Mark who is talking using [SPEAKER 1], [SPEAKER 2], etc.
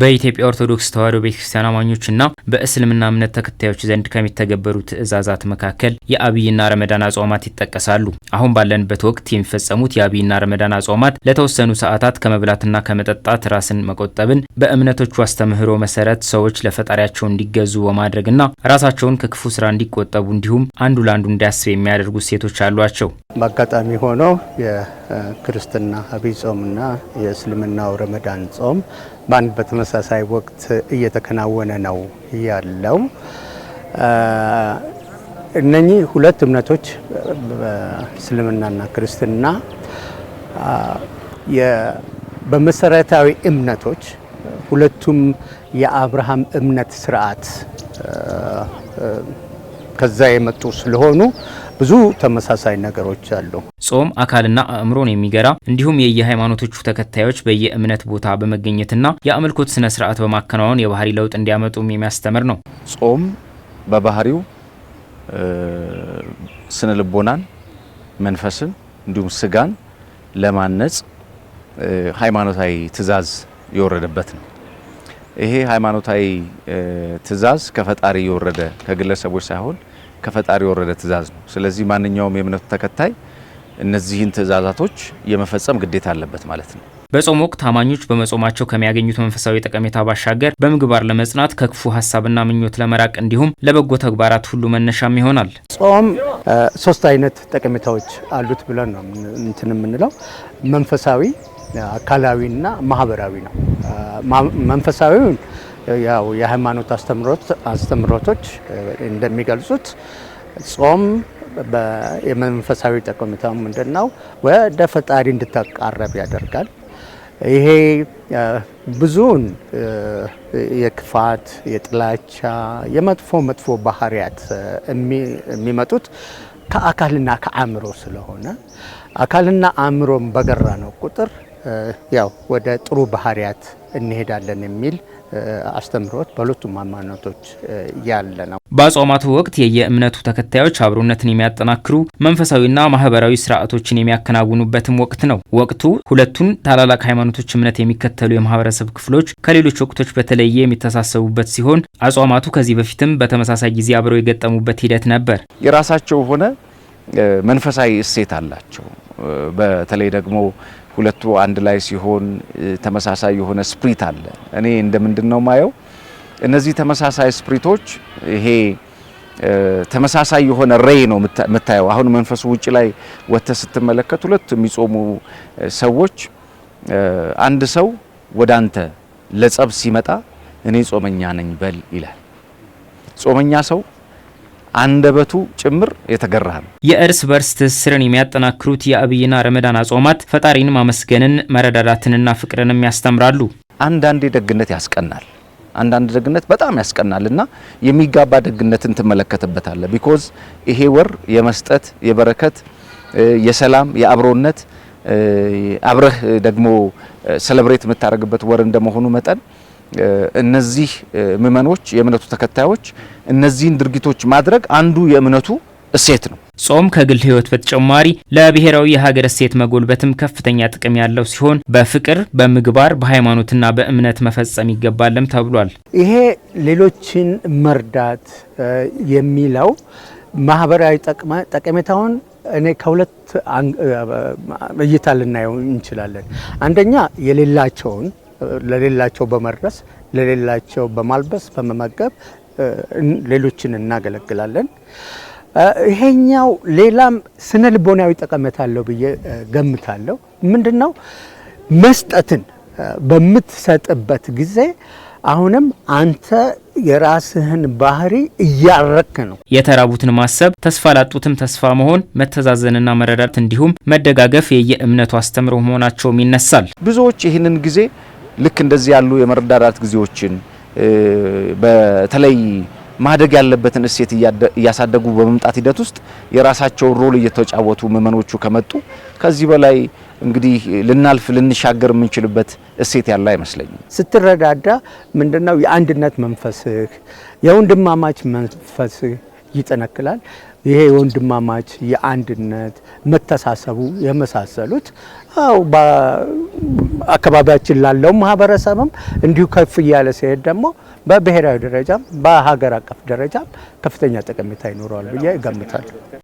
[SPEAKER 1] በኢትዮጵያ ኦርቶዶክስ ተዋሕዶ ቤተክርስቲያን አማኞችና በእስልምና እምነት ተከታዮች ዘንድ ከሚተገበሩ ትእዛዛት መካከል የአብይና ረመዳን አጽዋማት ይጠቀሳሉ። አሁን ባለንበት ወቅት የሚፈጸሙት የአብይና ረመዳን አጽዋማት ለተወሰኑ ሰዓታት ከመብላትና ከመጠጣት ራስን መቆጠብን፣ በእምነቶቹ አስተምህሮ መሰረት ሰዎች ለፈጣሪያቸው እንዲገዙ በማድረግና ራሳቸውን ከክፉ ስራ እንዲቆጠቡ እንዲሁም አንዱ ለአንዱ እንዲያስብ የሚያደርጉ ሴቶች አሏቸው።
[SPEAKER 2] በአጋጣሚ ሆኖ የክርስትና አብይ ጾምና የእስልምናው ረመዳን ጾም በአንድ በተመሳሳይ ወቅት እየተከናወነ ነው ያለው። እነኚህ ሁለት እምነቶች እስልምናና ክርስትና በመሰረታዊ እምነቶች ሁለቱም የአብርሃም እምነት ስርዓት ከዛ የመጡ ስለሆኑ ብዙ ተመሳሳይ ነገሮች አሉ።
[SPEAKER 1] ጾም አካልና አእምሮን የሚገራ እንዲሁም የየሃይማኖቶቹ ተከታዮች በየእምነት ቦታ በመገኘትና የአምልኮት ስነ ስርዓት በማከናወን የባህሪ ለውጥ እንዲያመጡም የሚያስተምር ነው።
[SPEAKER 3] ጾም በባህሪው ስነ ልቦናን፣ መንፈስን እንዲሁም ስጋን ለማነጽ ሃይማኖታዊ ትዕዛዝ የወረደበት ነው። ይሄ ሃይማኖታዊ ትእዛዝ ከፈጣሪ የወረደ ከግለሰቦች ሳይሆን ከፈጣሪ የወረደ ትእዛዝ ነው። ስለዚህ ማንኛውም የእምነቱ ተከታይ እነዚህን ትእዛዛቶች የመፈጸም ግዴታ አለበት ማለት ነው።
[SPEAKER 1] በጾም ወቅት አማኞች በመጾማቸው ከሚያገኙት መንፈሳዊ ጠቀሜታ ባሻገር በምግባር ለመጽናት ከክፉ ሀሳብና ምኞት ለመራቅ እንዲሁም ለበጎ ተግባራት ሁሉ መነሻም ይሆናል።
[SPEAKER 2] ጾም ሶስት አይነት ጠቀሜታዎች አሉት ብለን ነው እንትን የምንለው መንፈሳዊ፣ አካላዊና ማህበራዊ ነው። መንፈሳዊውን ያው የሃይማኖት አስተምሮቶች እንደሚገልጹት ጾም የመንፈሳዊ ጠቀሜታ ምንድን ነው? ወደ ፈጣሪ እንድታቃረብ ያደርጋል። ይሄ ብዙውን የክፋት፣ የጥላቻ፣ የመጥፎ መጥፎ ባህሪያት የሚመጡት ከአካልና ከአእምሮ ስለሆነ አካልና አእምሮን በገራ ነው ቁጥር ያው ወደ ጥሩ ባህሪያት እንሄዳለን የሚል አስተምሮት በሁለቱም ሃይማኖቶች ያለ ነው።
[SPEAKER 1] በአጽዋማቱ ወቅት የየእምነቱ ተከታዮች አብሮነትን የሚያጠናክሩ መንፈሳዊና ማህበራዊ ስርዓቶችን የሚያከናውኑበትም ወቅት ነው። ወቅቱ ሁለቱን ታላላቅ ሃይማኖቶች እምነት የሚከተሉ የማህበረሰብ ክፍሎች ከሌሎች ወቅቶች በተለየ የሚተሳሰቡበት ሲሆን አጽዋማቱ ከዚህ በፊትም በተመሳሳይ ጊዜ አብረው የገጠሙበት ሂደት ነበር።
[SPEAKER 3] የራሳቸው ሆነ መንፈሳዊ እሴት አላቸው። በተለይ ደግሞ ሁለቱ አንድ ላይ ሲሆን ተመሳሳይ የሆነ ስፕሪት አለ። እኔ እንደምንድነው ነው ማየው እነዚህ ተመሳሳይ ስፕሪቶች ይሄ ተመሳሳይ የሆነ ሬይ ነው የምታየው። አሁን መንፈሱ ውጭ ላይ ወጥተ ስትመለከት ሁለቱ የሚጾሙ ሰዎች አንድ ሰው ወደ አንተ ለጸብ ሲመጣ እኔ ጾመኛ ነኝ በል ይላል። ጾመኛ ሰው አንደበቱ ጭምር የተገራ ነው።
[SPEAKER 1] የእርስ በርስ ትስስርን የሚያጠናክሩት የአብይና ረመዳን አጽዋማት ፈጣሪን ማመስገንን መረዳዳትንና ፍቅርንም ያስተምራሉ።
[SPEAKER 3] አንዳንዴ ደግነት ያስቀናል፣ አንዳንድ ደግነት በጣም ያስቀናል እና የሚጋባ ደግነትን ትመለከትበታለ። ቢኮዝ ይሄ ወር የመስጠት የበረከት፣ የሰላም፣ የአብሮነት አብረህ ደግሞ ሰለብሬት የምታደርግበት ወር እንደመሆኑ መጠን እነዚህ ምእመኖች የእምነቱ ተከታዮች እነዚህን ድርጊቶች ማድረግ አንዱ የእምነቱ እሴት ነው።
[SPEAKER 1] ጾም ከግል ሕይወት በተጨማሪ ለብሔራዊ የሀገር እሴት መጎልበትም ከፍተኛ ጥቅም ያለው ሲሆን በፍቅር በምግባር በሃይማኖትና በእምነት መፈጸም ይገባልም ተብሏል።
[SPEAKER 2] ይሄ ሌሎችን መርዳት የሚለው ማህበራዊ ጠቀሜታውን እኔ ከሁለት እይታ ልናየው እንችላለን። አንደኛ የሌላቸውን ለሌላቸው በመድረስ ለሌላቸው በማልበስ በመመገብ ሌሎችን እናገለግላለን። ይሄኛው ሌላም ስነ ልቦናዊ ጠቀሜታ አለው ብዬ ገምታለሁ። ምንድን ነው መስጠትን በምትሰጥበት ጊዜ አሁንም አንተ የራስህን ባህሪ እያረክ ነው።
[SPEAKER 1] የተራቡትን ማሰብ፣ ተስፋ ላጡትም ተስፋ መሆን፣ መተዛዘንና መረዳት እንዲሁም መደጋገፍ የየእምነቱ አስተምሮ መሆናቸውም ይነሳል።
[SPEAKER 3] ብዙዎች ይህንን ጊዜ ልክ እንደዚህ ያሉ የመረዳዳት ጊዜዎችን በተለይ ማደግ ያለበትን እሴት እያሳደጉ በመምጣት ሂደት ውስጥ የራሳቸውን ሮል እየተጫወቱ ምዕመኖቹ ከመጡ ከዚህ በላይ እንግዲህ ልናልፍ ልንሻገር የምንችልበት እሴት ያለ አይመስለኝም።
[SPEAKER 2] ስትረዳዳ ምንድነው የአንድነት መንፈስህ የወንድማማች መንፈስህ ይጠነክላል። ይሄ የወንድማማች የአንድነት መተሳሰቡ የመሳሰሉት አው አካባቢያችን ላለው ማህበረሰብም እንዲሁ ከፍ እያለ ሲሄድ ደግሞ በብሔራዊ ደረጃም በሀገር አቀፍ ደረጃም ከፍተኛ ጠቀሜታ ይኖረዋል ብዬ እገምታለሁ።